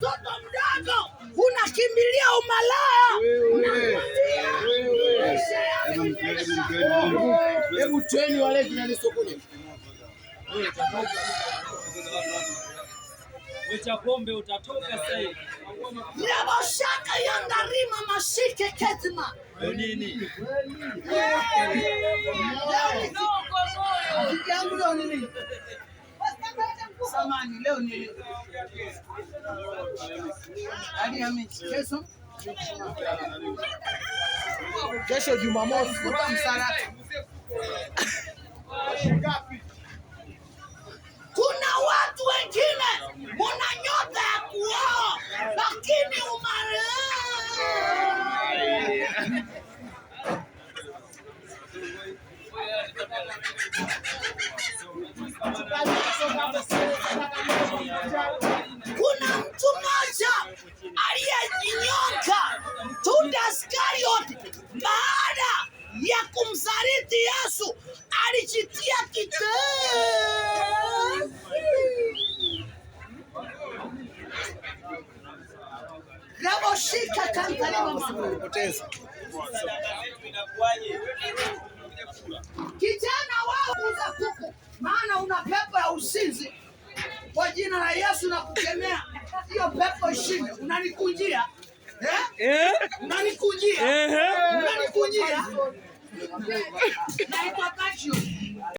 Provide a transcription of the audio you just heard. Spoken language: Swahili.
Mtoto mdogo unakimbilia umalaya. Hebu tweni wale vinani sokoni. pombe utatoka sasa hivi. ya ngarima mashike kezma. Nini? Nini? Samani leo ni Alhamisi, kesho kesho Jumamosi msalata Kuna mtu mmoja aliyejinyoka Yuda Iskarioti baada ya kumsaliti Yesu alijitia kitanzi. Raboshika kantalima Kwa jina la Yesu na kukemea hiyo pepo ishinde. Unanikujia eh? Eh? Unanikujia, eh? eh. unanikujia, naitwa Kachio